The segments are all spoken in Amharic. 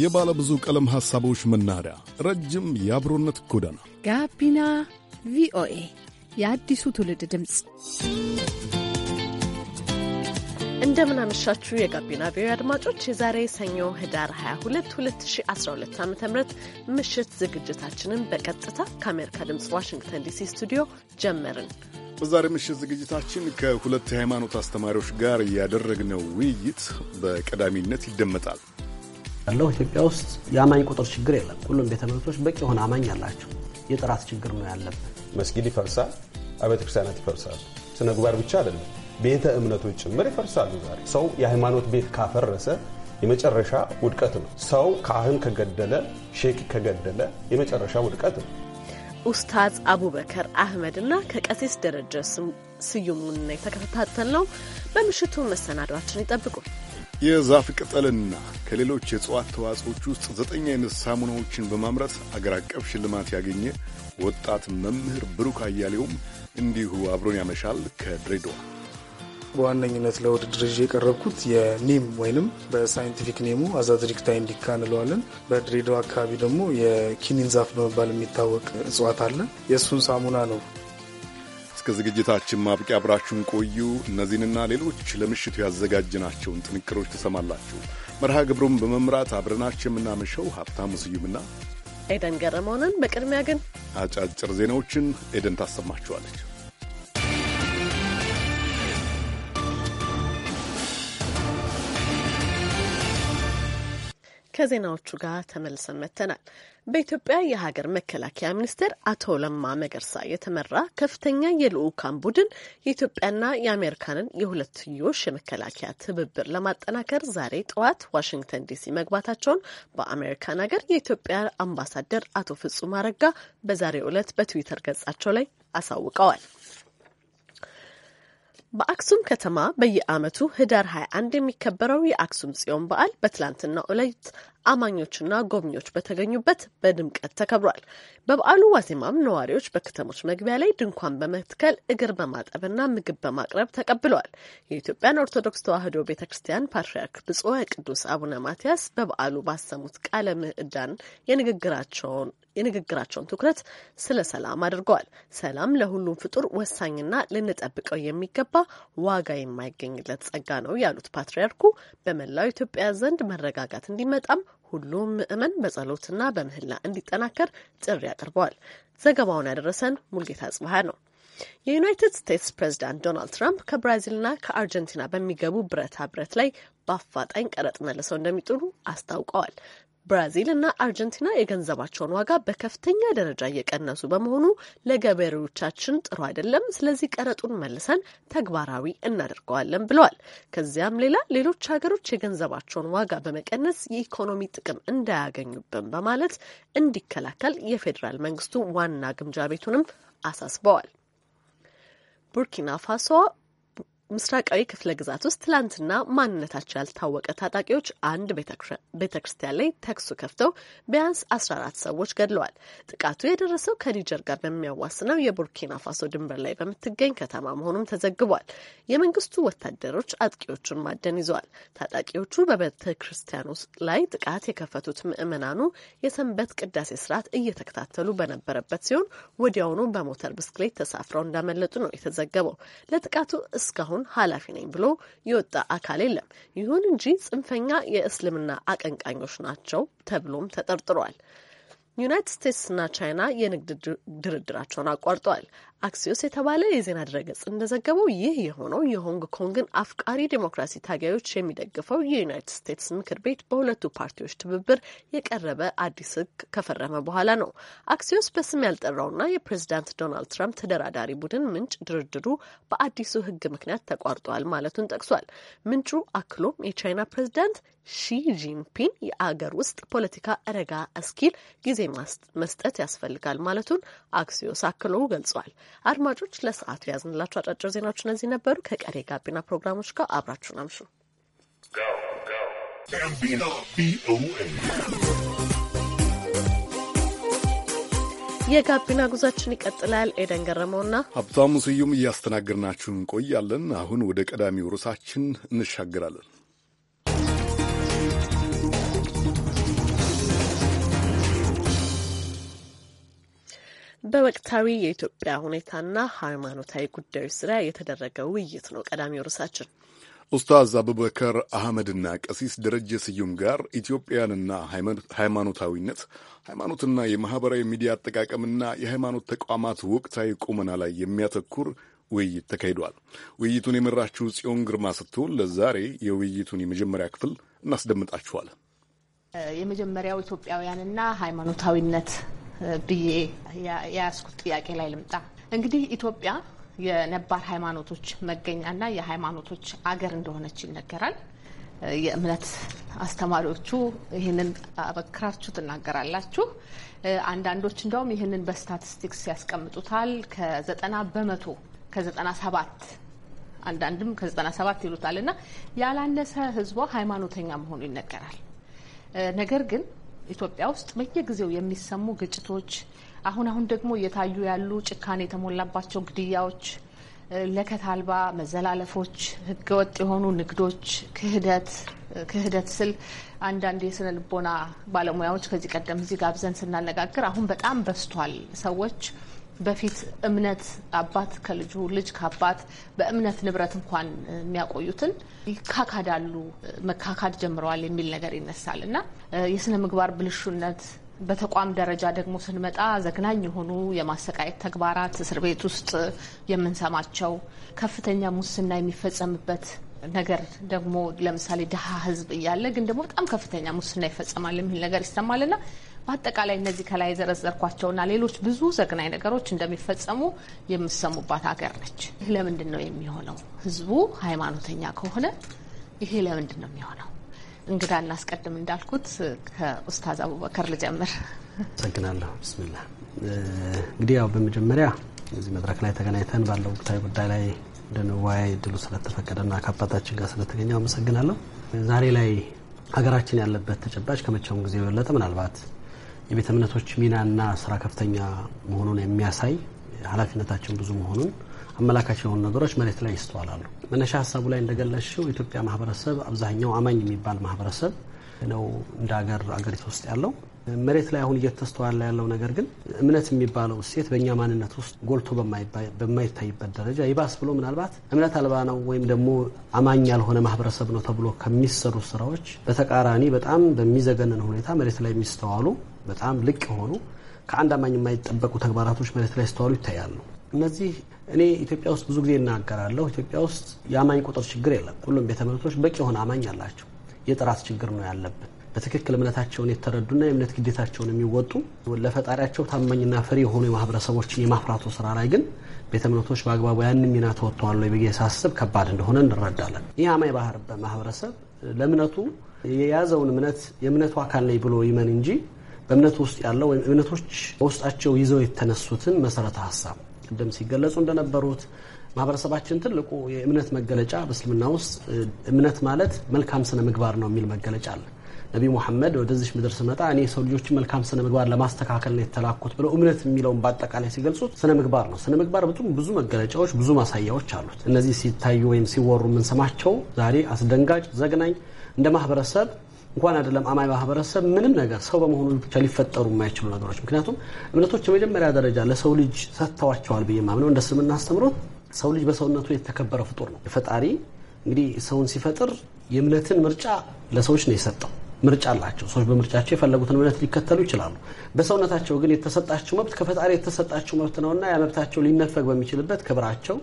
የባለ ብዙ ቀለም ሐሳቦች መናኸሪያ፣ ረጅም የአብሮነት ጎዳና ጋቢና ቪኦኤ የአዲሱ ትውልድ ድምፅ። እንደምናመሻችሁ የጋቢና ቪኦኤ አድማጮች፣ የዛሬ ሰኞ ህዳር 22 2012 ዓ ም ምሽት ዝግጅታችንን በቀጥታ ከአሜሪካ ድምፅ ዋሽንግተን ዲሲ ስቱዲዮ ጀመርን። በዛሬ ምሽት ዝግጅታችን ከሁለት የሃይማኖት አስተማሪዎች ጋር ያደረግነው ውይይት በቀዳሚነት ይደመጣል። ያለው ኢትዮጵያ ውስጥ የአማኝ ቁጥር ችግር የለም። ሁሉም ቤተ እምነቶች በቂ የሆነ አማኝ አላቸው። የጥራት ችግር ነው ያለብን። መስጊድ ይፈርሳል፣ አብያተ ክርስቲያናት ይፈርሳሉ። ስነ ምግባር ብቻ አይደለም፣ ቤተ እምነቶች ጭምር ይፈርሳሉ። ዛሬ ሰው የሃይማኖት ቤት ካፈረሰ የመጨረሻ ውድቀት ነው። ሰው ካህን ከገደለ፣ ሼክ ከገደለ የመጨረሻ ውድቀት ነው። ኡስታዝ አቡበከር አህመድና ከቀሲስ ደረጀ ስዩሙን የተከታተል ነው። በምሽቱ መሰናዷችን ይጠብቁ። የዛፍ ቅጠልና ከሌሎች የእጽዋት ተዋጽኦች ውስጥ ዘጠኝ አይነት ሳሙናዎችን በማምረት አገር አቀፍ ሽልማት ያገኘ ወጣት መምህር ብሩክ አያሌውም እንዲሁ አብሮን ያመሻል ከድሬዳዋ። በዋነኝነት ለውድድር ይዤ የቀረብኩት የኒም ወይንም በሳይንቲፊክ ኔሙ አዛትሪክታ ኢንዲካ እንለዋለን። በድሬዳዋ አካባቢ ደግሞ የኪኒን ዛፍ በመባል የሚታወቅ እጽዋት አለ። የእሱን ሳሙና ነው እስከ ዝግጅታችን ማብቂያ አብራችሁን ቆዩ። እነዚህንና ሌሎች ለምሽቱ ያዘጋጅናቸውን ጥንቅሮች ትሰማላችሁ። መርሃ ግብሩን በመምራት አብረናችሁ የምናመሸው ሀብታሙ ስዩምና ኤደን ገረመሆንን። በቅድሚያ ግን አጫጭር ዜናዎችን ኤደን ታሰማችኋለች። ከዜናዎቹ ጋር ተመልሰን መጥተናል። በኢትዮጵያ የሀገር መከላከያ ሚኒስቴር አቶ ለማ መገርሳ የተመራ ከፍተኛ የልዑካን ቡድን የኢትዮጵያና የአሜሪካንን የሁለትዮሽ የመከላከያ ትብብር ለማጠናከር ዛሬ ጠዋት ዋሽንግተን ዲሲ መግባታቸውን በአሜሪካን ሀገር የኢትዮጵያ አምባሳደር አቶ ፍጹም አረጋ በዛሬው ዕለት በትዊተር ገጻቸው ላይ አሳውቀዋል። በአክሱም ከተማ በየዓመቱ ህዳር 21 የሚከበረው የአክሱም ጽዮን በዓል በትላንትናው ዕለት አማኞችና ጎብኚዎች በተገኙበት በድምቀት ተከብሯል። በበዓሉ ዋዜማም ነዋሪዎች በከተሞች መግቢያ ላይ ድንኳን በመትከል እግር በማጠብና ምግብ በማቅረብ ተቀብለዋል። የኢትዮጵያን ኦርቶዶክስ ተዋሕዶ ቤተ ክርስቲያን ፓትርያርክ ብፁዕ ቅዱስ አቡነ ማትያስ በበዓሉ ባሰሙት ቃለ ምዕዳን የንግግራቸውን የንግግራቸውን ትኩረት ስለ ሰላም አድርገዋል። ሰላም ለሁሉም ፍጡር ወሳኝና ልንጠብቀው የሚገባ ዋጋ የማይገኝለት ጸጋ ነው ያሉት ፓትርያርኩ በመላው ኢትዮጵያ ዘንድ መረጋጋት እንዲመጣም ሁሉም ምዕመን በጸሎትና በምህላ እንዲጠናከር ጥሪ አቅርበዋል። ዘገባውን ያደረሰን ሙልጌታ ጽብሃ ነው። የዩናይትድ ስቴትስ ፕሬዚዳንት ዶናልድ ትራምፕ ከብራዚልና ከአርጀንቲና በሚገቡ ብረታ ብረት ላይ በአፋጣኝ ቀረጥ መልሰው እንደሚጥሉ አስታውቀዋል። ብራዚል እና አርጀንቲና የገንዘባቸውን ዋጋ በከፍተኛ ደረጃ እየቀነሱ በመሆኑ ለገበሬዎቻችን ጥሩ አይደለም። ስለዚህ ቀረጡን መልሰን ተግባራዊ እናደርገዋለን ብለዋል። ከዚያም ሌላ ሌሎች ሀገሮች የገንዘባቸውን ዋጋ በመቀነስ የኢኮኖሚ ጥቅም እንዳያገኙብን በማለት እንዲከላከል የፌዴራል መንግስቱ ዋና ግምጃ ቤቱንም አሳስበዋል። ቡርኪና ፋሶ ምስራቃዊ ክፍለ ግዛት ውስጥ ትላንትና ማንነታቸው ያልታወቀ ታጣቂዎች አንድ ቤተክርስቲያን ላይ ተኩሱ ከፍተው ቢያንስ 14 ሰዎች ገድለዋል። ጥቃቱ የደረሰው ከኒጀር ጋር በሚያዋስነው የቡርኪና ፋሶ ድንበር ላይ በምትገኝ ከተማ መሆኑም ተዘግቧል። የመንግስቱ ወታደሮች አጥቂዎቹን ማደን ይዘዋል። ታጣቂዎቹ በቤተ ላይ ጥቃት የከፈቱት ምዕመናኑ የሰንበት ቅዳሴ ስርዓት እየተከታተሉ በነበረበት ሲሆን ወዲያውኑ በሞተር ብስክሌት ተሳፍረው እንዳመለጡ ነው የተዘገበው። ለጥቃቱ እስካሁን አሁን ኃላፊ ነኝ ብሎ የወጣ አካል የለም። ይሁን እንጂ ጽንፈኛ የእስልምና አቀንቃኞች ናቸው ተብሎም ተጠርጥሯል። ዩናይትድ ስቴትስና ቻይና የንግድ ድርድራቸውን አቋርጠዋል። አክሲዮስ የተባለ የዜና ድረገጽ እንደዘገበው ይህ የሆነው የሆንግ ኮንግን አፍቃሪ ዴሞክራሲ ታጋዮች የሚደግፈው የዩናይትድ ስቴትስ ምክር ቤት በሁለቱ ፓርቲዎች ትብብር የቀረበ አዲስ ሕግ ከፈረመ በኋላ ነው። አክሲዮስ በስም ያልጠራውና የፕሬዚዳንት ዶናልድ ትራምፕ ተደራዳሪ ቡድን ምንጭ ድርድሩ በአዲሱ ሕግ ምክንያት ተቋርጧል ማለቱን ጠቅሷል። ምንጩ አክሎም የቻይና ፕሬዚዳንት ሺ ጂንፒንግ የአገር ውስጥ ፖለቲካ ረጋ እስኪል ጊዜ መስጠት ያስፈልጋል ማለቱን አክሲዮስ አክሎ ገልጿል። አድማጮች ለሰዓቱ ያዝንላቸው አጫጭር ዜናዎች እነዚህ ነበሩ። ከቀሪ ጋቢና ፕሮግራሞች ጋር አብራችሁን አምሹ። የጋቢና ጉዟችን ይቀጥላል። ኤደን ገረመውና ሀብታሙ ስዩም እያስተናገድናችሁ እንቆያለን። አሁን ወደ ቀዳሚው ርዕሳችን እንሻገራለን። በወቅታዊ የኢትዮጵያ ሁኔታና ሃይማኖታዊ ጉዳዮች ዙሪያ የተደረገ ውይይት ነው ቀዳሚው ርዕሳችን። ኡስታዝ አቡበከር አህመድና ቀሲስ ደረጀ ስዩም ጋር ኢትዮጵያንና ሃይማኖታዊነት፣ ሃይማኖትና የማኅበራዊ ሚዲያ አጠቃቀምና የሃይማኖት ተቋማት ወቅታዊ ቁመና ላይ የሚያተኩር ውይይት ተካሂዷል። ውይይቱን የመራችው ጽዮን ግርማ ስትሆን ለዛሬ የውይይቱን የመጀመሪያ ክፍል እናስደምጣችኋል። የመጀመሪያው ኢትዮጵያውያንና ሃይማኖታዊነት ብዬ የያዝኩት ጥያቄ ላይ ልምጣ። እንግዲህ ኢትዮጵያ የነባር ሃይማኖቶች መገኛና የሃይማኖቶች አገር እንደሆነች ይነገራል። የእምነት አስተማሪዎቹ ይህንን አበክራችሁ ትናገራላችሁ። አንዳንዶች እንደውም ይህንን በስታቲስቲክስ ያስቀምጡታል። ከዘጠና በመቶ ከዘጠና ሰባት አንዳንድም ከዘጠና ሰባት ይሉታል እና ያላነሰ ህዝቧ ሃይማኖተኛ መሆኑ ይነገራል። ነገር ግን ኢትዮጵያ ውስጥ በየጊዜው የሚሰሙ ግጭቶች፣ አሁን አሁን ደግሞ እየታዩ ያሉ ጭካኔ የተሞላባቸው ግድያዎች፣ ለከት አልባ መዘላለፎች፣ ህገወጥ የሆኑ ንግዶች፣ ክህደት ክህደት ስል አንዳንድ የስነ ልቦና ባለሙያዎች ከዚህ ቀደም እዚህ ጋብዘን ስናነጋግር አሁን በጣም በስቷል ሰዎች በፊት እምነት አባት ከልጁ ልጅ ከአባት በእምነት ንብረት እንኳን የሚያቆዩትን ይካካዳሉ፣ መካካድ ጀምረዋል የሚል ነገር ይነሳል እና የስነ ምግባር ብልሹነት በተቋም ደረጃ ደግሞ ስንመጣ ዘግናኝ የሆኑ የማሰቃየት ተግባራት እስር ቤት ውስጥ የምንሰማቸው ከፍተኛ ሙስና የሚፈጸምበት ነገር ደግሞ ለምሳሌ ድሀ ህዝብ እያለ ግን ደግሞ በጣም ከፍተኛ ሙስና ይፈጸማል የሚል ነገር ይሰማልና በአጠቃላይ እነዚህ ከላይ የዘረዘርኳቸውና ሌሎች ብዙ ዘግናኝ ነገሮች እንደሚፈጸሙ የምሰሙባት ሀገር ነች። ይህ ለምንድን ነው የሚሆነው? ህዝቡ ሃይማኖተኛ ከሆነ ይሄ ለምንድን ነው የሚሆነው? እንግዳ እናስቀድም እንዳልኩት ከኡስታዝ አቡበከር ልጀምር። አመሰግናለሁ። ብስሚላ እንግዲህ ያው በመጀመሪያ እዚህ መድረክ ላይ ተገናኝተን ባለው ወቅታዊ ጉዳይ ላይ እንድንወያይ እድሉ ስለተፈቀደና ከአባታችን ጋር ስለተገኘው አመሰግናለሁ። ዛሬ ላይ ሀገራችን ያለበት ተጨባጭ ከመቼውም ጊዜ የበለጠ ምናልባት የቤተ እምነቶች ሚናና ስራ ከፍተኛ መሆኑን የሚያሳይ ኃላፊነታችን ብዙ መሆኑን አመላካች የሆኑ ነገሮች መሬት ላይ ይስተዋላሉ። መነሻ ሀሳቡ ላይ እንደገለሽው የኢትዮጵያ ማህበረሰብ አብዛኛው አማኝ የሚባል ማህበረሰብ ነው እንደ ሀገር አገሪቱ ውስጥ ያለው መሬት ላይ አሁን እየተስተዋለ ያለው ነገር ግን እምነት የሚባለው እሴት በእኛ ማንነት ውስጥ ጎልቶ በማይታይበት ደረጃ ይባስ ብሎ ምናልባት እምነት አልባ ነው ወይም ደግሞ አማኝ ያልሆነ ማህበረሰብ ነው ተብሎ ከሚሰሩ ስራዎች በተቃራኒ በጣም በሚዘገንን ሁኔታ መሬት ላይ የሚስተዋሉ በጣም ልቅ የሆኑ ከአንድ አማኝ የማይጠበቁ ተግባራቶች መሬት ላይ ስተዋሉ ይታያሉ። እነዚህ እኔ ኢትዮጵያ ውስጥ ብዙ ጊዜ እናገራለሁ። ኢትዮጵያ ውስጥ የአማኝ ቁጥር ችግር የለም። ሁሉም ቤተ እምነቶች በቂ የሆነ አማኝ አላቸው። የጥራት ችግር ነው ያለብን። በትክክል እምነታቸውን የተረዱና የእምነት ግዴታቸውን የሚወጡ ለፈጣሪያቸው ታማኝና ፍሬ የሆኑ የማህበረሰቦችን የማፍራቱ ስራ ላይ ግን ቤተ እምነቶች በአግባቡ ያን ሚና ተወጥተዋል ብዬ ሳስብ ከባድ እንደሆነ እንረዳለን። ይህ አማኝ ባህር በማህበረሰብ ለእምነቱ የያዘውን እምነት የእምነቱ አካል ነኝ ብሎ ይመን እንጂ በእምነት ውስጥ ያለው ወይም እምነቶች በውስጣቸው ይዘው የተነሱትን መሰረተ ሀሳብ ቅድም ሲገለጹ እንደነበሩት ማህበረሰባችን ትልቁ የእምነት መገለጫ በእስልምና ውስጥ እምነት ማለት መልካም ስነ ምግባር ነው የሚል መገለጫ አለ። ነቢዩ ሙሐመድ ወደዚች ምድር ስመጣ እኔ የሰው ልጆችን መልካም ስነ ምግባር ለማስተካከል ነው የተላኩት ብለው እምነት የሚለውን በአጠቃላይ ሲገልጹት ስነ ምግባር ነው። ስነ ምግባር በጣም ብዙ መገለጫዎች፣ ብዙ ማሳያዎች አሉት። እነዚህ ሲታዩ ወይም ሲወሩ የምንሰማቸው ዛሬ አስደንጋጭ፣ ዘግናኝ እንደ ማህበረሰብ እንኳን አይደለም አማኝ ማህበረሰብ ምንም ነገር ሰው በመሆኑ ብቻ ሊፈጠሩ የማይችሉ ነገሮች። ምክንያቱም እምነቶች የመጀመሪያ ደረጃ ለሰው ልጅ ሰጥተዋቸዋል ብዬ ማምነው እንደ እስልምና አስተምሮት ሰው ልጅ በሰውነቱ የተከበረ ፍጡር ነው። ፈጣሪ እንግዲህ ሰውን ሲፈጥር የእምነትን ምርጫ ለሰዎች ነው የሰጠው። ምርጫ አላቸው። ሰዎች በምርጫቸው የፈለጉትን እምነት ሊከተሉ ይችላሉ። በሰውነታቸው ግን የተሰጣቸው መብት ከፈጣሪ የተሰጣቸው መብት ነውና ያ መብታቸው ሊነፈግ በሚችልበት ክብራቸው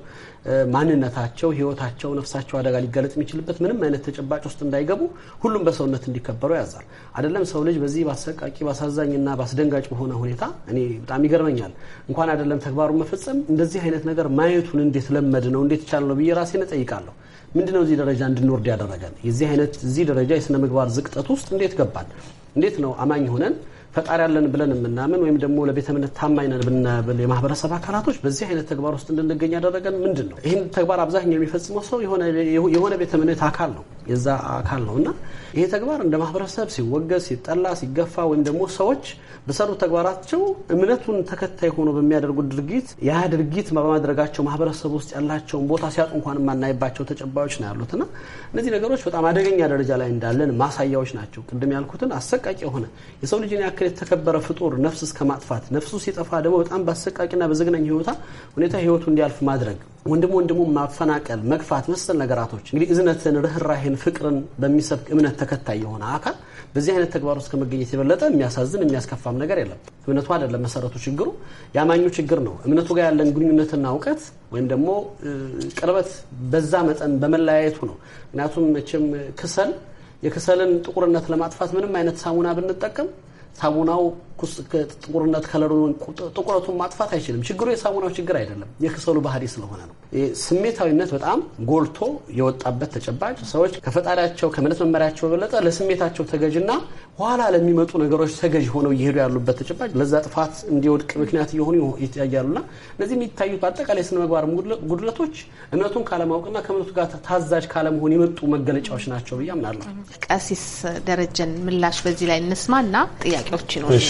ማንነታቸው፣ ህይወታቸው፣ ነፍሳቸው አደጋ ሊገለጽ የሚችልበት ምንም አይነት ተጨባጭ ውስጥ እንዳይገቡ ሁሉም በሰውነት እንዲከበሩ ያዛል። አይደለም ሰው ልጅ በዚህ በአሰቃቂ በአሳዛኝና በአስደንጋጭ በሆነ ሁኔታ እኔ በጣም ይገርመኛል። እንኳን አይደለም ተግባሩን መፈጸም እንደዚህ አይነት ነገር ማየቱን እንዴት ለመድ ነው እንዴት ይቻል ነው ብዬ ራሴን እጠይቃለሁ። ምንድነው እዚህ ደረጃ እንድንወርድ ያደረገን? የዚህ አይነት እዚህ ደረጃ የስነ ምግባር ዝቅጠት ውስጥ እንዴት ገባል እንዴት ነው አማኝ ሆነን ፈጣሪ ያለን ብለን የምናምን ወይም ደግሞ ለቤተ እምነት ታማኝ ነን ብናብል የማህበረሰብ አካላቶች በዚህ አይነት ተግባር ውስጥ እንድንገኝ ያደረገን ምንድን ነው? ይህን ተግባር አብዛኛው የሚፈጽመው ሰው የሆነ ቤተ እምነት አካል ነው የዛ አካል ነው እና ይሄ ተግባር እንደ ማህበረሰብ ሲወገዝ፣ ሲጠላ፣ ሲገፋ ወይም ደግሞ ሰዎች በሰሩት ተግባራቸው እምነቱን ተከታይ ሆኖ በሚያደርጉት ድርጊት ያ ድርጊት በማድረጋቸው ማህበረሰብ ውስጥ ያላቸውን ቦታ ሲያጡ እንኳን የማናይባቸው ተጨባዮች ነው ያሉትና እነዚህ ነገሮች በጣም አደገኛ ደረጃ ላይ እንዳለን ማሳያዎች ናቸው። ቅድም ያልኩትን አሰቃቂ የሆነ የሰው ልጅን ያክል የተከበረ ፍጡር ነፍስ እስከ ማጥፋት ነፍሱ ሲጠፋ ደግሞ በጣም በአሰቃቂና በዘግናኝ ህይወታ ሁኔታ ህይወቱ እንዲያልፍ ማድረግ ወንድሞ ወንድሞ ማፈናቀል፣ መግፋት መሰል ነገራቶች እንግዲህ እዝነትን፣ ርኅራሄን፣ ፍቅርን በሚሰብክ እምነት ተከታይ የሆነ አካል በዚህ አይነት ተግባር ውስጥ ከመገኘት የበለጠ የሚያሳዝን የሚያስከፋም ነገር የለም። እምነቱ አይደለም መሰረቱ ችግሩ፣ የአማኙ ችግር ነው። እምነቱ ጋር ያለን ግንኙነትና እውቀት ወይም ደግሞ ቅርበት በዛ መጠን በመለያየቱ ነው። ምክንያቱም መቼም ክሰል የክሰልን ጥቁርነት ለማጥፋት ምንም አይነት ሳሙና ብንጠቀም ሳሙናው ጥቁርነት ከለሩን ጥቁረቱን ማጥፋት አይችልም። ችግሩ የሳሙናው ችግር አይደለም፣ የክሰሉ ባህሪ ስለሆነ ነው። ስሜታዊነት በጣም ጎልቶ የወጣበት ተጨባጭ ሰዎች ከፈጣሪያቸው ከእምነት መመሪያቸው በበለጠ ለስሜታቸው ተገዥና ኋላ ለሚመጡ ነገሮች ተገዥ ሆነው እየሄዱ ያሉበት ተጨባጭ ለዛ ጥፋት እንዲወድቅ ምክንያት እየሆኑ ይታያሉና እነዚህ የሚታዩት በአጠቃላይ ስነ ምግባር ጉድለቶች እምነቱን ካለማወቅና ከእምነቱ ጋር ታዛዥ ካለመሆን የመጡ መገለጫዎች ናቸው ብዬ አምናለሁ። ቀሲስ ደረጀን ምላሽ በዚህ ላይ እንስማና ጥያቄዎች ይኖራል።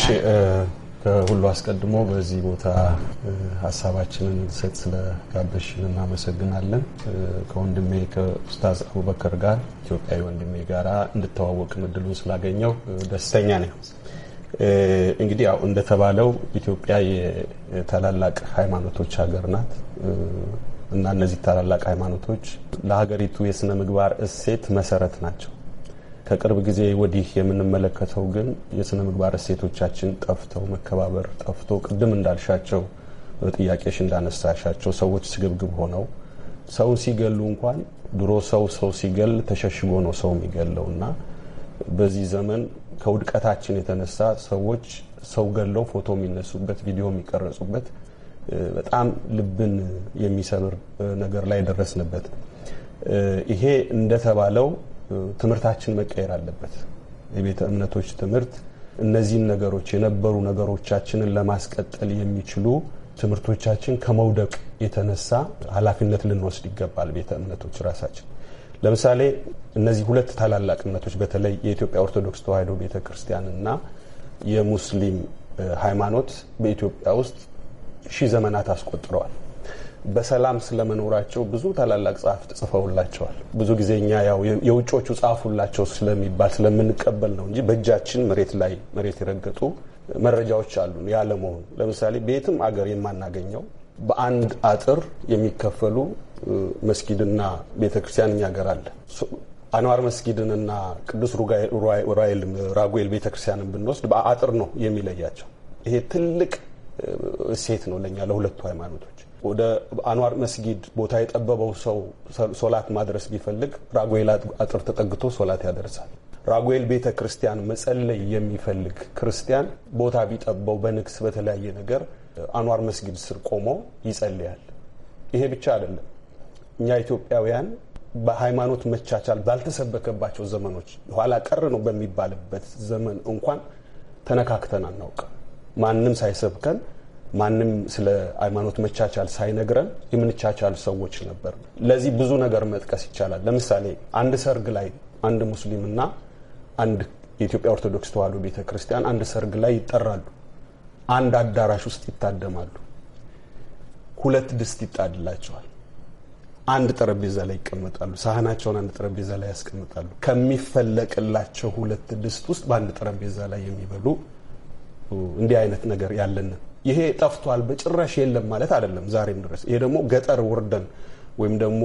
ከሁሉ አስቀድሞ በዚህ ቦታ ሀሳባችንን እንድሰጥ ስለጋበሽን እናመሰግናለን። ከወንድሜ ከኡስታዝ አቡበከር ጋር ኢትዮጵያዊ ወንድሜ ጋራ እንድተዋወቅ እድሉን ስላገኘው ደስተኛ ነኝ። እንግዲህ ያው እንደተባለው ኢትዮጵያ የታላላቅ ሃይማኖቶች ሀገር ናት እና እነዚህ ታላላቅ ሃይማኖቶች ለሀገሪቱ የስነ ምግባር እሴት መሰረት ናቸው። ከቅርብ ጊዜ ወዲህ የምንመለከተው ግን የስነ ምግባር እሴቶቻችን ጠፍተው መከባበር ጠፍቶ ቅድም እንዳልሻቸው በጥያቄሽ እንዳነሳሻቸው ሰዎች ስግብግብ ሆነው ሰውን ሲገሉ እንኳን ድሮ ሰው ሰው ሲገል ተሸሽጎ ነው ሰው የሚገለው እና በዚህ ዘመን ከውድቀታችን የተነሳ ሰዎች ሰው ገለው ፎቶ የሚነሱበት ቪዲዮ የሚቀረጹበት በጣም ልብን የሚሰብር ነገር ላይ ደረስንበት። ይሄ እንደተባለው ትምህርታችን መቀየር አለበት። የቤተ እምነቶች ትምህርት እነዚህን ነገሮች የነበሩ ነገሮቻችንን ለማስቀጠል የሚችሉ ትምህርቶቻችን ከመውደቅ የተነሳ ኃላፊነት ልንወስድ ይገባል። ቤተ እምነቶች ራሳችን ለምሳሌ እነዚህ ሁለት ታላላቅ እምነቶች በተለይ የኢትዮጵያ ኦርቶዶክስ ተዋሕዶ ቤተ ና የሙስሊም ሃይማኖት በኢትዮጵያ ውስጥ ሺህ ዘመናት አስቆጥረዋል። በሰላም ስለመኖራቸው ብዙ ታላላቅ ጸሐፍት ጽፈውላቸዋል። ብዙ ጊዜ እኛ ያው የውጮቹ ጻፉላቸው ስለሚባል ስለምንቀበል ነው እንጂ በእጃችን መሬት ላይ መሬት የረገጡ መረጃዎች አሉን ያለመሆኑ። ለምሳሌ በየትም አገር የማናገኘው በአንድ አጥር የሚከፈሉ መስጊድና ቤተክርስቲያን እኛ አገር አለ። አንዋር መስጊድንና ቅዱስ ሩራኤል ራጉኤል ቤተክርስቲያንን ብንወስድ በአጥር ነው የሚለያቸው። ይሄ ትልቅ እሴት ነው ለእኛ ለሁለቱ ሃይማኖቶች። ወደ አንዋር መስጊድ ቦታ የጠበበው ሰው ሶላት ማድረስ ቢፈልግ ራጉኤል አጥር ተጠግቶ ሶላት ያደርሳል። ራጉኤል ቤተ ክርስቲያን መጸለይ የሚፈልግ ክርስቲያን ቦታ ቢጠበው በንግስ በተለያየ ነገር አንዋር መስጊድ ስር ቆሞ ይጸልያል። ይሄ ብቻ አይደለም። እኛ ኢትዮጵያውያን በሃይማኖት መቻቻል ባልተሰበከባቸው ዘመኖች ኋላ ቀር ነው በሚባልበት ዘመን እንኳን ተነካክተን አናውቅም። ማንም ሳይሰብከን ማንም ስለ ሃይማኖት መቻቻል ሳይነግረን የምንቻቻል ሰዎች ነበር። ለዚህ ብዙ ነገር መጥቀስ ይቻላል። ለምሳሌ አንድ ሰርግ ላይ አንድ ሙስሊም እና አንድ የኢትዮጵያ ኦርቶዶክስ ተዋሕዶ ቤተ ክርስቲያን አንድ ሰርግ ላይ ይጠራሉ። አንድ አዳራሽ ውስጥ ይታደማሉ። ሁለት ድስት ይጣድላቸዋል። አንድ ጠረጴዛ ላይ ይቀመጣሉ። ሳህናቸውን አንድ ጠረጴዛ ላይ ያስቀምጣሉ። ከሚፈለቅላቸው ሁለት ድስት ውስጥ በአንድ ጠረጴዛ ላይ የሚበሉ እንዲህ አይነት ነገር ያለንን ይሄ ጠፍቷል በጭራሽ የለም ማለት አይደለም ዛሬም ድረስ። ይሄ ደግሞ ገጠር ወርደን ወይም ደግሞ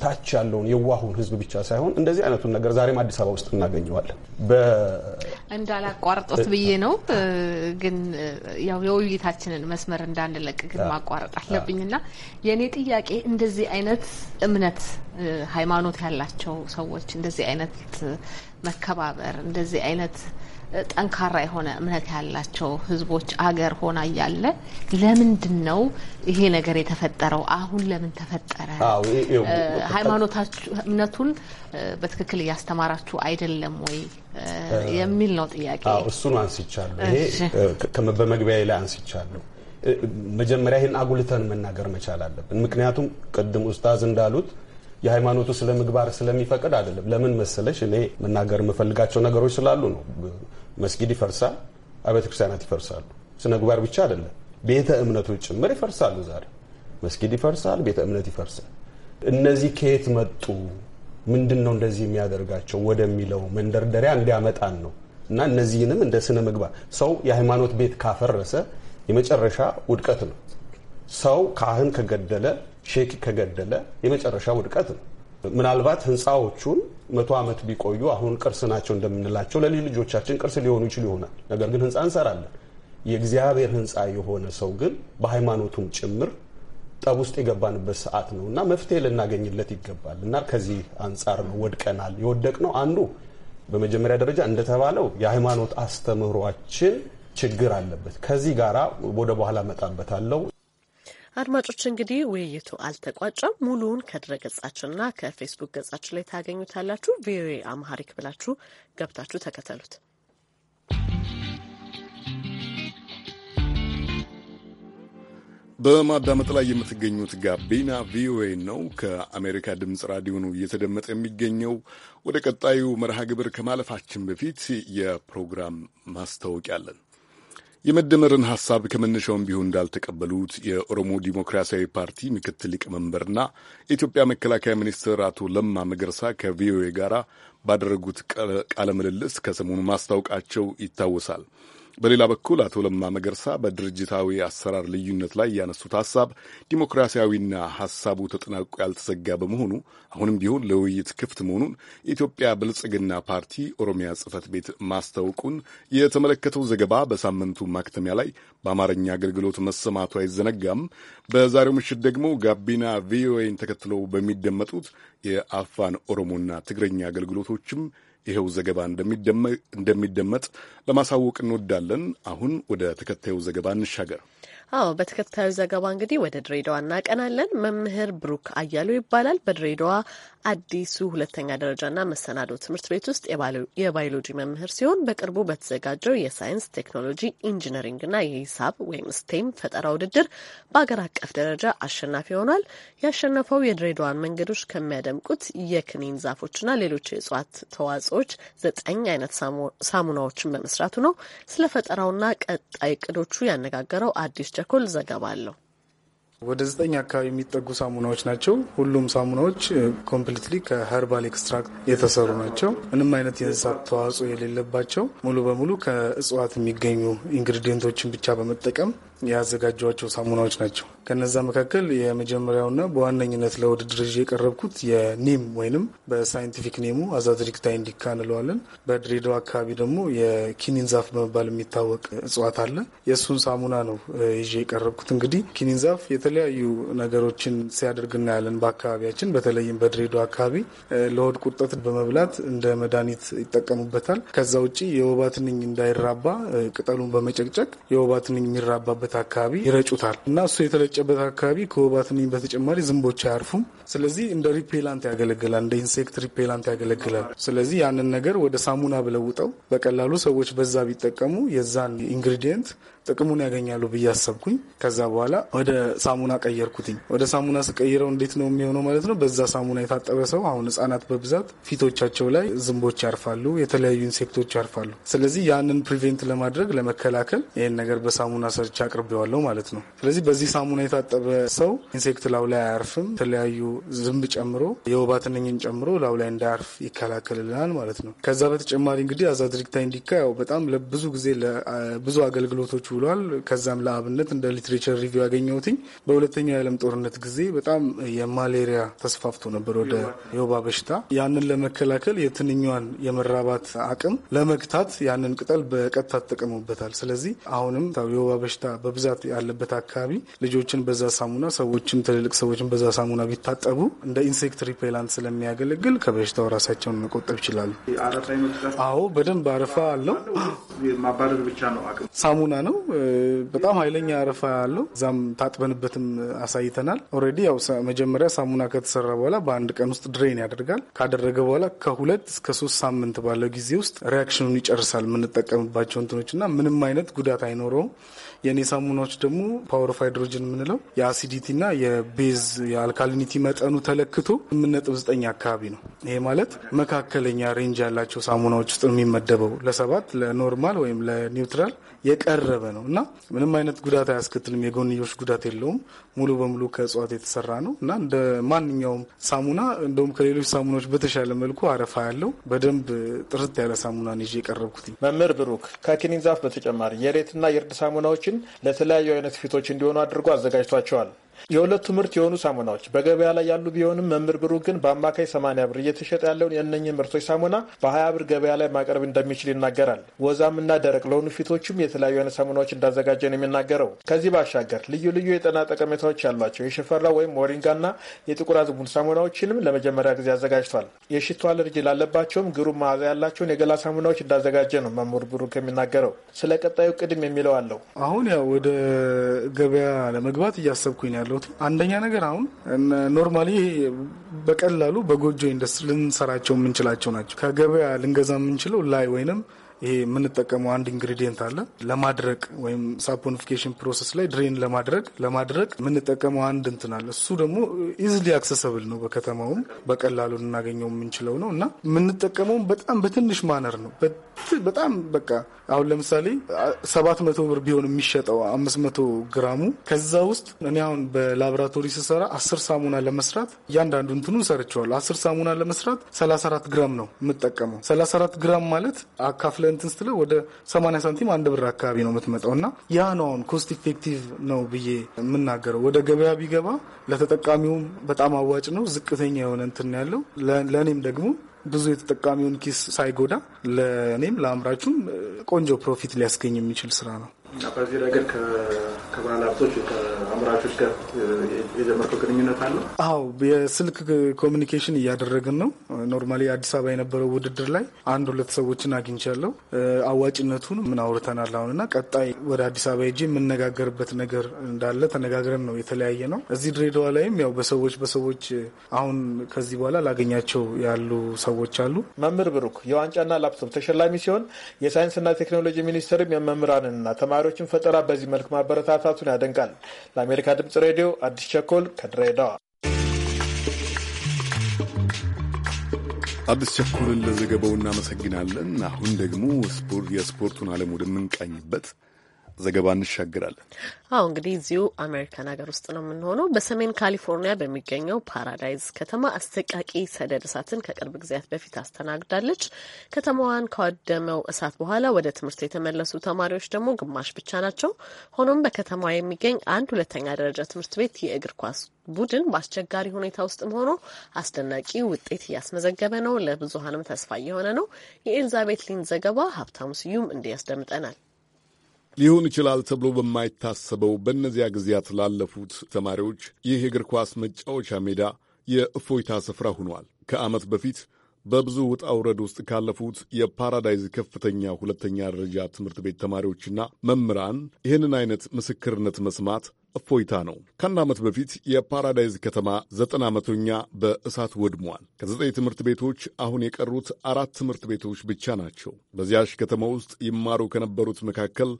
ታች ያለውን የዋሁን ህዝብ ብቻ ሳይሆን እንደዚህ አይነቱን ነገር ዛሬም አዲስ አበባ ውስጥ እናገኘዋለን። እንዳላቋርጦት ብዬ ነው፣ ግን ያው የውይይታችንን መስመር እንዳንለቅ ግን ማቋረጥ አለብኝና የእኔ ጥያቄ እንደዚህ አይነት እምነት ሃይማኖት ያላቸው ሰዎች እንደዚህ አይነት መከባበር እንደዚህ አይነት ጠንካራ የሆነ እምነት ያላቸው ህዝቦች አገር ሆና እያለ ለምንድን ነው ይሄ ነገር የተፈጠረው? አሁን ለምን ተፈጠረ? ሃይማኖታችሁ እምነቱን በትክክል እያስተማራችሁ አይደለም ወይ የሚል ነው ጥያቄ። እሱን አንስቻለሁ። ይሄ በመግቢያ ላይ አንስቻለሁ። መጀመሪያ ይህን አጉልተን መናገር መቻል አለብን። ምክንያቱም ቅድም ኡስታዝ እንዳሉት የሃይማኖቱ ስለ ምግባር ስለሚፈቅድ አይደለም። ለምን መሰለሽ እኔ መናገር የምፈልጋቸው ነገሮች ስላሉ ነው። መስጊድ ይፈርሳል፣ አብያተ ክርስቲያናት ይፈርሳሉ። ስነ ምግባር ብቻ አይደለም፣ ቤተ እምነቶች ጭምር ይፈርሳሉ። ዛሬ መስጊድ ይፈርሳል፣ ቤተ እምነት ይፈርሳል። እነዚህ ከየት መጡ፣ ምንድን ነው እንደዚህ የሚያደርጋቸው ወደሚለው መንደርደሪያ እንዲያመጣን ነው እና እነዚህንም እንደ ስነ ምግባር ሰው የሃይማኖት ቤት ካፈረሰ የመጨረሻ ውድቀት ነው። ሰው ካህን ከገደለ ሼክ ከገደለ የመጨረሻ ውድቀት ነው። ምናልባት ህንፃዎቹን መቶ ዓመት ቢቆዩ አሁን ቅርስ ናቸው እንደምንላቸው ለልጅ ልጆቻችን ቅርስ ሊሆኑ ይችሉ ይሆናል። ነገር ግን ህንፃ እንሰራለን። የእግዚአብሔር ህንፃ የሆነ ሰው ግን በሃይማኖቱም ጭምር ጠብ ውስጥ የገባንበት ሰዓት ነው እና መፍትሄ ልናገኝለት ይገባል እና ከዚህ አንጻር ነው ወድቀናል። የወደቅ ነው አንዱ በመጀመሪያ ደረጃ እንደተባለው የሃይማኖት አስተምህሯችን ችግር አለበት። ከዚህ ጋራ ወደ በኋላ መጣበታለው አድማጮች እንግዲህ ውይይቱ አልተቋጨም። ሙሉውን ከድረ ገጻችንና ከፌስቡክ ገጻችን ላይ ታገኙታላችሁ። ቪኦኤ አምሃሪክ ብላችሁ ገብታችሁ ተከተሉት። በማዳመጥ ላይ የምትገኙት ጋቢና ቪኦኤ ነው፣ ከአሜሪካ ድምፅ ራዲዮ ነው እየተደመጠ የሚገኘው። ወደ ቀጣዩ መርሃ ግብር ከማለፋችን በፊት የፕሮግራም ማስታወቂያ አለን። የመደመርን ሐሳብ ከመነሻውም ቢሆን እንዳልተቀበሉት የኦሮሞ ዲሞክራሲያዊ ፓርቲ ምክትል ሊቀመንበርና የኢትዮጵያ መከላከያ ሚኒስትር አቶ ለማ መገርሳ ከቪኦኤ ጋር ባደረጉት ቃለ ምልልስ ከሰሞኑ ማስታወቃቸው ይታወሳል። በሌላ በኩል አቶ ለማ መገርሳ በድርጅታዊ አሰራር ልዩነት ላይ ያነሱት ሀሳብ ዲሞክራሲያዊና ሀሳቡ ተጠናቆ ያልተዘጋ በመሆኑ አሁንም ቢሆን ለውይይት ክፍት መሆኑን የኢትዮጵያ ብልጽግና ፓርቲ ኦሮሚያ ጽህፈት ቤት ማስታወቁን የተመለከተው ዘገባ በሳምንቱ ማክተሚያ ላይ በአማርኛ አገልግሎት መሰማቱ አይዘነጋም። በዛሬው ምሽት ደግሞ ጋቢና ቪኦኤን ተከትለው በሚደመጡት የአፋን ኦሮሞና ትግረኛ አገልግሎቶችም ይኸው ዘገባ እንደሚደመጥ ለማሳወቅ እንወዳለን። አሁን ወደ ተከታዩ ዘገባ እንሻገር። አዎ በተከታዩ ዘገባ እንግዲህ ወደ ድሬዳዋ እናቀናለን። መምህር ብሩክ አያሉ ይባላል። በድሬዳዋ አዲሱ ሁለተኛ ደረጃና መሰናዶ ትምህርት ቤት ውስጥ የባዮሎጂ መምህር ሲሆን በቅርቡ በተዘጋጀው የሳይንስ ቴክኖሎጂ፣ ኢንጂነሪንግና የሂሳብ ወይም ስቴም ፈጠራ ውድድር በአገር አቀፍ ደረጃ አሸናፊ ሆኗል። ያሸነፈው የድሬዳዋን መንገዶች ከሚያደምቁት የክኒን ዛፎችና ሌሎች የእጽዋት ተዋጽዎች ዘጠኝ አይነት ሳሙናዎችን በመስራቱ ነው። ስለ ፈጠራውና ቀጣይ እቅዶቹ ያነጋገረው አዲስ ቸኮል ዘገባ አለው። ወደ ዘጠኝ አካባቢ የሚጠጉ ሳሙናዎች ናቸው። ሁሉም ሳሙናዎች ኮምፕሊትሊ ከኸርባል ኤክስትራክት የተሰሩ ናቸው። ምንም አይነት የእንስሳት ተዋጽኦ የሌለባቸው ሙሉ በሙሉ ከእጽዋት የሚገኙ ኢንግሪዲየንቶችን ብቻ በመጠቀም ያዘጋጇቸው ሳሙናዎች ናቸው። ከነዛ መካከል የመጀመሪያውና በዋነኝነት ለውድድር ይዤ የቀረብኩት የኒም ወይንም በሳይንቲፊክ ኔሙ አዛትሪክ ዳይንዲካ እንለዋለን። በድሬዳዋ አካባቢ ደግሞ የኪኒን ዛፍ በመባል የሚታወቅ እጽዋት አለ። የእሱን ሳሙና ነው ይዤ የቀረብኩት። እንግዲህ ኪኒን ዛፍ የተለያዩ ነገሮችን ሲያደርግ እናያለን። በአካባቢያችን በተለይም በድሬዳዋ አካባቢ ለሆድ ቁርጠት በመብላት እንደ መድኃኒት ይጠቀሙበታል። ከዛ ውጭ የወባ ትንኝ እንዳይራባ ቅጠሉን በመጨቅጨቅ የወባ ትንኝ የሚራባበት የተለጨበት አካባቢ ይረጩታል እና እሱ የተረጨበት አካባቢ ከወባ ትንኝ በተጨማሪ ዝንቦች አያርፉም። ስለዚህ እንደ ሪፔላንት ያገለግላል፣ እንደ ኢንሴክት ሪፔላንት ያገለግላል። ስለዚህ ያንን ነገር ወደ ሳሙና ብለውጠው በቀላሉ ሰዎች በዛ ቢጠቀሙ የዛን ኢንግሪዲየንት ጥቅሙን ያገኛሉ ብዬ አሰብኩኝ። ከዛ በኋላ ወደ ሳሙና ቀየርኩትኝ። ወደ ሳሙና ስቀይረው እንዴት ነው የሚሆነው ማለት ነው። በዛ ሳሙና የታጠበ ሰው አሁን ህጻናት በብዛት ፊቶቻቸው ላይ ዝንቦች ያርፋሉ፣ የተለያዩ ኢንሴክቶች ያርፋሉ። ስለዚህ ያንን ፕሪቬንት ለማድረግ ለመከላከል ይህን ነገር በሳሙና ሰርቻ አቅርቤዋለሁ ማለት ነው። ስለዚህ በዚህ ሳሙና የታጠበ ሰው ኢንሴክት ላው ላይ አያርፍም። የተለያዩ ዝንብ ጨምሮ የወባ ትንኝን ጨምሮ ላው ላይ እንዳያርፍ ይከላከልልናል ማለት ነው። ከዛ በተጨማሪ እንግዲህ አዛድሪክታ ኢንዲካ ያው በጣም ለብዙ ጊዜ ለብዙ አገልግሎቶች ውሏል። ከዛም ለአብነት እንደ ሊትሬቸር ሪቪው ያገኘሁትኝ በሁለተኛው የዓለም ጦርነት ጊዜ በጣም የማሌሪያ ተስፋፍቶ ነበር ወደ የወባ በሽታ። ያንን ለመከላከል የትንኛዋን የመራባት አቅም ለመግታት ያንን ቅጠል በቀጥታ ተጠቀሙበታል። ስለዚህ አሁንም የወባ በሽታ በብዛት ያለበት አካባቢ ልጆችን በዛ ሳሙና ሰዎችም ትልልቅ ሰዎችም በዛ ሳሙና ቢታጠቡ እንደ ኢንሴክት ሪፔላንት ስለሚያገለግል ከበሽታው ራሳቸውን መቆጠብ ይችላሉ። አዎ በደንብ አረፋ አለው። ማባረር ብቻ ነው። ሳሙና ነው በጣም ኃይለኛ አረፋ አለው። እዛም ታጥበንበትም አሳይተናል። ኦልሬዲ ያው መጀመሪያ ሳሙና ከተሰራ በኋላ በአንድ ቀን ውስጥ ድሬን ያደርጋል። ካደረገ በኋላ ከሁለት እስከ ሶስት ሳምንት ባለው ጊዜ ውስጥ ሪያክሽኑን ይጨርሳል። የምንጠቀምባቸው እንትኖች እና ምንም አይነት ጉዳት አይኖረውም። የእኔ ሳሙናዎች ደግሞ ፓወር ኦፍ ሃይድሮጅን የምንለው የአሲዲቲና የቤዝ የአልካሊኒቲ መጠኑ ተለክቶ የምነጥብ ዘጠኝ አካባቢ ነው። ይሄ ማለት መካከለኛ ሬንጅ ያላቸው ሳሙናዎች ውስጥ የሚመደበው ለሰባት ለኖርማል ወይም ለኒውትራል የቀረበ ነው እና ምንም አይነት ጉዳት አያስከትልም። የጎንዮሽ ጉዳት የለውም። ሙሉ በሙሉ ከእጽዋት የተሰራ ነው እና እንደ ማንኛውም ሳሙና እንደውም ከሌሎች ሳሙናዎች በተሻለ መልኩ አረፋ ያለው በደንብ ጥርት ያለ ሳሙና ይዤ የቀረብኩት። መምህር ብሩክ ከኪኒን ዛፍ በተጨማሪ የሬትና የእርድ ሳሙናዎች ለተለያዩ አይነት ፊቶች እንዲሆኑ አድርጎ አዘጋጅቷቸዋል። የሁለቱ ምርት የሆኑ ሳሙናዎች በገበያ ላይ ያሉ ቢሆንም መምህር ብሩ ግን በአማካይ 80 ብር እየተሸጠ ያለውን የእነኝህ ምርቶች ሳሙና በ20 ብር ገበያ ላይ ማቅረብ እንደሚችል ይናገራል። ወዛምና ደረቅ ለሆኑ ፊቶችም የተለያዩ አይነት ሳሙናዎች እንዳዘጋጀ ነው የሚናገረው። ከዚህ ባሻገር ልዩ ልዩ የጤና ጠቀሜታዎች ያሏቸው የሸፈራ ወይም ሞሪንጋና የጥቁር አዝሙድ ሳሙናዎችንም ለመጀመሪያ ጊዜ አዘጋጅቷል። የሽቶ አለርጂ ላለባቸውም ግሩም መዓዛ ያላቸውን የገላ ሳሙናዎች እንዳዘጋጀ ነው መምህር ብሩ የሚናገረው። ስለ ቀጣዩ ቅድም የሚለው አለው። አሁን ያው ወደ ገበያ ለመግባት እያሰብኩኝ ያለ ያለሁት። አንደኛ ነገር አሁን ኖርማሊ በቀላሉ በጎጆ ኢንዱስትሪ ልንሰራቸው የምንችላቸው ናቸው። ከገበያ ልንገዛ የምንችለው ላይ ወይንም ይሄ የምንጠቀመው አንድ ኢንግሪዲየንት አለ ለማድረቅ ወይም ሳፖኒፊኬሽን ፕሮሰስ ላይ ድሬን ለማድረግ ለማድረግ የምንጠቀመው አንድ እንትን አለ። እሱ ደግሞ ኢዝሊ አክሰሰብል ነው፣ በከተማውም በቀላሉ ልናገኘው የምንችለው ነው እና የምንጠቀመውም በጣም በትንሽ ማነር ነው። በጣም በቃ አሁን ለምሳሌ ሰባት መቶ ብር ቢሆን የሚሸጠው አምስት መቶ ግራሙ ከዛ ውስጥ እኔ አሁን በላቦራቶሪ ስሰራ አስር ሳሙና ለመስራት እያንዳንዱ እንትኑን ሰርቸዋለሁ። አስር ሳሙና ለመስራት ሰላሳ አራት ግራም ነው የምጠቀመው። ሰላሳ አራት ግራም ማለት አካፍለ እንትን ስትለው ወደ 80 ሳንቲም አንድ ብር አካባቢ ነው የምትመጣው እና ያ ነው አሁን ኮስት ኢፌክቲቭ ነው ብዬ የምናገረው። ወደ ገበያ ቢገባ ለተጠቃሚውም በጣም አዋጭ ነው። ዝቅተኛ የሆነ እንትን ያለው ለእኔም ደግሞ ብዙ የተጠቃሚውን ኪስ ሳይጎዳ ለእኔም ለአምራቹም ቆንጆ ፕሮፊት ሊያስገኝ የሚችል ስራ ነው። እና በዚህ ከባለ ሀብቶች ከአምራቾች ጋር የጀመርከው ግንኙነት አዎ፣ የስልክ ኮሚኒኬሽን እያደረግን ነው። ኖርማሊ አዲስ አበባ የነበረው ውድድር ላይ አንድ ሁለት ሰዎችን አግኝቻለሁ። አዋጭነቱን ምን አውርተናል አሁን እና ቀጣይ ወደ አዲስ አበባ ሄጄ የምነጋገርበት ነገር እንዳለ ተነጋግረን ነው የተለያየ ነው። እዚህ ድሬዳዋ ላይም ያው በሰዎች በሰዎች አሁን ከዚህ በኋላ ላገኛቸው ያሉ ሰዎች አሉ። መምህር ብሩክ የዋንጫና ላፕቶፕ ተሸላሚ ሲሆን የሳይንስና ቴክኖሎጂ ሚኒስቴርም የመምህራንና የተማሪዎችን ፈጠራ በዚህ መልክ ማበረታታቱን ያደንቃል። ለአሜሪካ ድምጽ ሬዲዮ አዲስ ቸኮል ከድሬዳዋ። አዲስ ቸኮልን ለዘገባው እናመሰግናለን። አሁን ደግሞ የስፖርቱን ዓለም ወደምንቃኝበት ዘገባ እንሻገራለን። አሁ እንግዲህ እዚሁ አሜሪካን ሀገር ውስጥ ነው የምንሆነው። በሰሜን ካሊፎርኒያ በሚገኘው ፓራዳይዝ ከተማ አሰቃቂ ሰደድ እሳትን ከቅርብ ጊዜያት በፊት አስተናግዳለች። ከተማዋን ካወደመው እሳት በኋላ ወደ ትምህርት የተመለሱ ተማሪዎች ደግሞ ግማሽ ብቻ ናቸው። ሆኖም በከተማዋ የሚገኝ አንድ ሁለተኛ ደረጃ ትምህርት ቤት የእግር ኳስ ቡድን በአስቸጋሪ ሁኔታ ውስጥም ሆኖ አስደናቂ ውጤት እያስመዘገበ ነው። ለብዙሀንም ተስፋ እየሆነ ነው። የኤልዛቤት ሊን ዘገባ ሀብታሙ ስዩም እንዲህ ያስደምጠናል። ሊሆን ይችላል ተብሎ በማይታሰበው በእነዚያ ጊዜያት ላለፉት ተማሪዎች ይህ የእግር ኳስ መጫወቻ ሜዳ የእፎይታ ስፍራ ሆኗል። ከዓመት በፊት በብዙ ውጣ ውረድ ውስጥ ካለፉት የፓራዳይዝ ከፍተኛ ሁለተኛ ደረጃ ትምህርት ቤት ተማሪዎችና መምህራን ይህንን አይነት ምስክርነት መስማት እፎይታ ነው። ከአንድ ዓመት በፊት የፓራዳይዝ ከተማ ዘጠና መቶኛ በእሳት ወድሟል። ከዘጠኝ ትምህርት ቤቶች አሁን የቀሩት አራት ትምህርት ቤቶች ብቻ ናቸው። በዚያሽ ከተማ ውስጥ ይማሩ ከነበሩት መካከል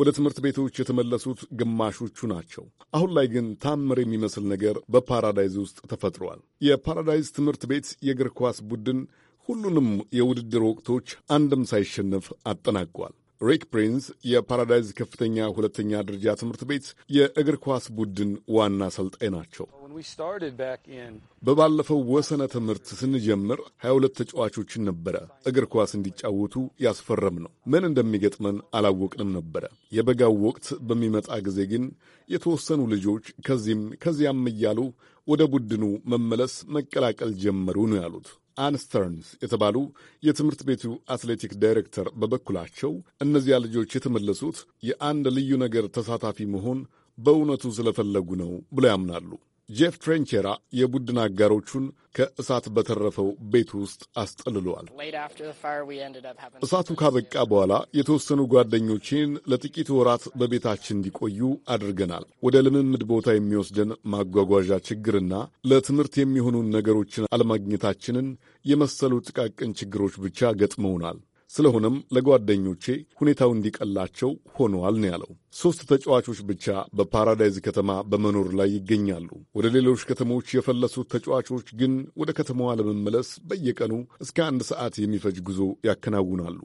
ወደ ትምህርት ቤቶች የተመለሱት ግማሾቹ ናቸው። አሁን ላይ ግን ታምር የሚመስል ነገር በፓራዳይዝ ውስጥ ተፈጥሯል። የፓራዳይዝ ትምህርት ቤት የእግር ኳስ ቡድን ሁሉንም የውድድር ወቅቶች አንድም ሳይሸነፍ አጠናቋል። ሪክ ፕሪንስ የፓራዳይዝ ከፍተኛ ሁለተኛ ደረጃ ትምህርት ቤት የእግር ኳስ ቡድን ዋና አሰልጣኝ ናቸው። በባለፈው ወሰነ ትምህርት ስንጀምር 22 ተጫዋቾችን ነበረ እግር ኳስ እንዲጫወቱ ያስፈረም ነው። ምን እንደሚገጥመን አላወቅንም ነበረ። የበጋው ወቅት በሚመጣ ጊዜ ግን የተወሰኑ ልጆች ከዚህም ከዚያም እያሉ ወደ ቡድኑ መመለስ መቀላቀል ጀመሩ ነው ያሉት። አንስተርንስ የተባሉ የትምህርት ቤቱ አትሌቲክ ዳይሬክተር በበኩላቸው እነዚያ ልጆች የተመለሱት የአንድ ልዩ ነገር ተሳታፊ መሆን በእውነቱ ስለፈለጉ ነው ብለው ያምናሉ። ጄፍ ትሬንቼራ የቡድን አጋሮቹን ከእሳት በተረፈው ቤት ውስጥ አስጠልሏል። እሳቱ ካበቃ በኋላ የተወሰኑ ጓደኞቼን ለጥቂት ወራት በቤታችን እንዲቆዩ አድርገናል። ወደ ልምምድ ቦታ የሚወስደን ማጓጓዣ ችግርና ለትምህርት የሚሆኑን ነገሮችን አለማግኘታችንን የመሰሉ ጥቃቅን ችግሮች ብቻ ገጥመውናል። ስለሆነም ለጓደኞቼ ሁኔታው እንዲቀላቸው ሆነዋል ነው ያለው። ሦስት ተጫዋቾች ብቻ በፓራዳይዝ ከተማ በመኖር ላይ ይገኛሉ። ወደ ሌሎች ከተሞች የፈለሱት ተጫዋቾች ግን ወደ ከተማዋ ለመመለስ በየቀኑ እስከ አንድ ሰዓት የሚፈጅ ጉዞ ያከናውናሉ።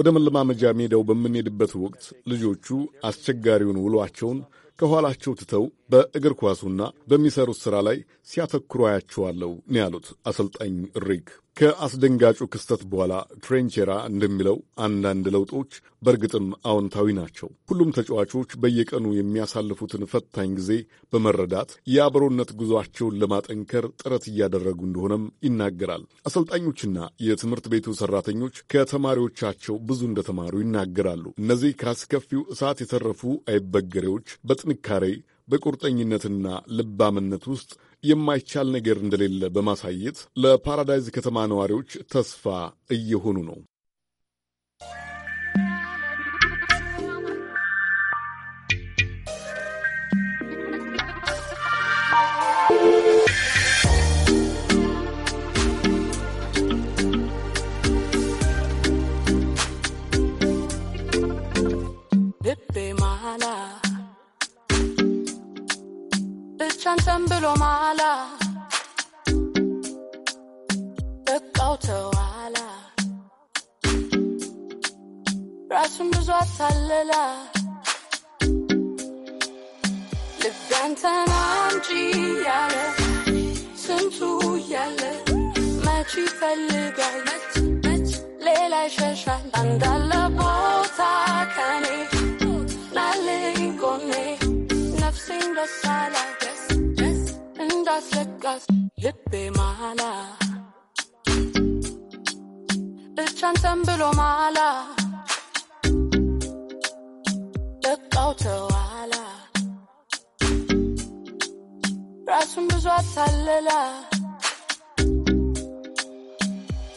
ወደ መለማመጃ ሜዳው በምንሄድበት ወቅት ልጆቹ አስቸጋሪውን ውሏቸውን ከኋላቸው ትተው በእግር ኳሱና በሚሰሩት ሥራ ላይ ሲያተኩሩ አያቸዋለሁ ነው ያሉት አሰልጣኝ ሪግ። ከአስደንጋጩ ክስተት በኋላ ትሬንቼራ እንደሚለው አንዳንድ ለውጦች በእርግጥም አዎንታዊ ናቸው። ሁሉም ተጫዋቾች በየቀኑ የሚያሳልፉትን ፈታኝ ጊዜ በመረዳት የአብሮነት ጉዞቸውን ለማጠንከር ጥረት እያደረጉ እንደሆነም ይናገራል። አሰልጣኞችና የትምህርት ቤቱ ሰራተኞች ከተማሪዎቻቸው ብዙ እንደተማሩ ይናገራሉ። እነዚህ ከአስከፊው እሳት የተረፉ አይበገሬዎች በጥንካሬ በቁርጠኝነትና ልባምነት ውስጥ የማይቻል ነገር እንደሌለ በማሳየት ለፓራዳይዝ ከተማ ነዋሪዎች ተስፋ እየሆኑ ነው። ሻንተን ብሎ ማላ በቃው ተዋላ ራሱን ብዙ አታለላ ልጋንተን አምጪ ያለ ስንቱ ያለ መች ይፈልጋል ሌላ ይሸሻል አንዳለ ቦታ ከኔ ለካስ ለካስ ልቤ ማላ እቻንተን ብሎ ማላ በቃው ተዋላ ራሱን ብዙ አታለላ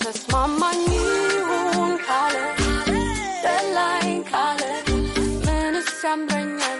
ተስማማኝ ይሁን ካለ ደላይን ካለ ምንስ ያምረኛል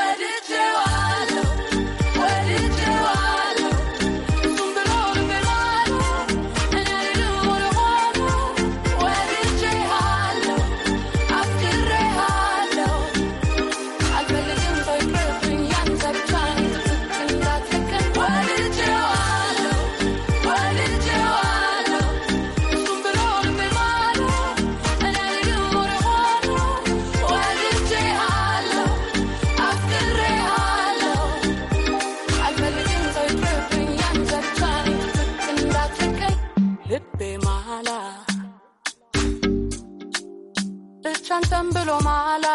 ብሎ ማላ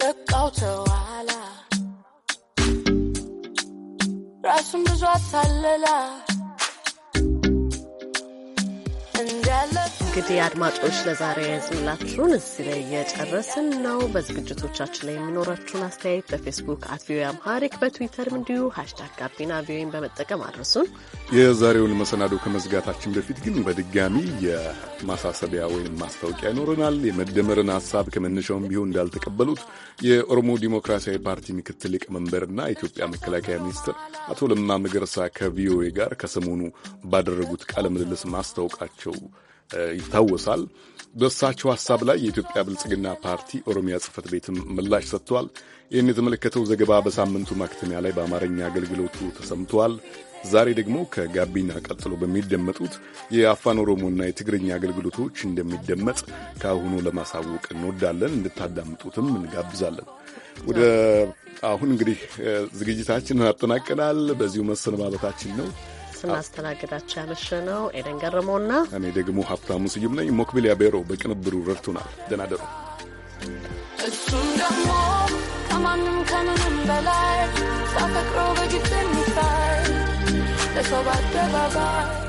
በቃው ተዋላ ራሱን ብዙ አታለላ እንግዲህ አድማጮች ለዛሬ የያዝንላችሁን እዚህ ላይ እየጨረስን ነው። በዝግጅቶቻችን ላይ የሚኖራችሁን አስተያየት በፌስቡክ አት ቪኦኤ አምሃሪክ በትዊተርም እንዲሁ ሀሽታግ ጋቢና ቪኦኤን በመጠቀም አድርሱን። የዛሬውን መሰናዶ ከመዝጋታችን በፊት ግን በድጋሚ የማሳሰቢያ ወይም ማስታወቂያ ይኖረናል። የመደመርን ሀሳብ ከመነሻውም ቢሆን እንዳልተቀበሉት የኦሮሞ ዲሞክራሲያዊ ፓርቲ ምክትል ሊቀመንበርና የኢትዮጵያ መከላከያ ሚኒስትር አቶ ለማ መገርሳ ከቪኦኤ ጋር ከሰሞኑ ባደረጉት ቃለ ምልልስ ማስታወቃቸው ይታወሳል። በእሳቸው ሀሳብ ላይ የኢትዮጵያ ብልጽግና ፓርቲ ኦሮሚያ ጽህፈት ቤትም ምላሽ ሰጥቷል። ይህን የተመለከተው ዘገባ በሳምንቱ ማክተሚያ ላይ በአማርኛ አገልግሎቱ ተሰምተዋል። ዛሬ ደግሞ ከጋቢና ቀጥሎ በሚደመጡት የአፋን ኦሮሞና የትግርኛ አገልግሎቶች እንደሚደመጥ ከአሁኑ ለማሳወቅ እንወዳለን። እንድታዳምጡትም እንጋብዛለን። ወደ አሁን እንግዲህ ዝግጅታችንን አጠናቀናል። በዚሁ መሰነባበታችን ነው። ስናስተናግዳቸው ያመሸ ነው ኤደን ገረመውና እኔ ደግሞ ሀብታሙ ስዩም ነኝ። ሞክቢሊያ ቤሮ በቅንብሩ ረድቶናል። ደናደሩ እሱም ደግሞ ከማንም ከምንም በላይ ሳፈቅሮ በግድ የሚታይ ለሰው በአደባባይ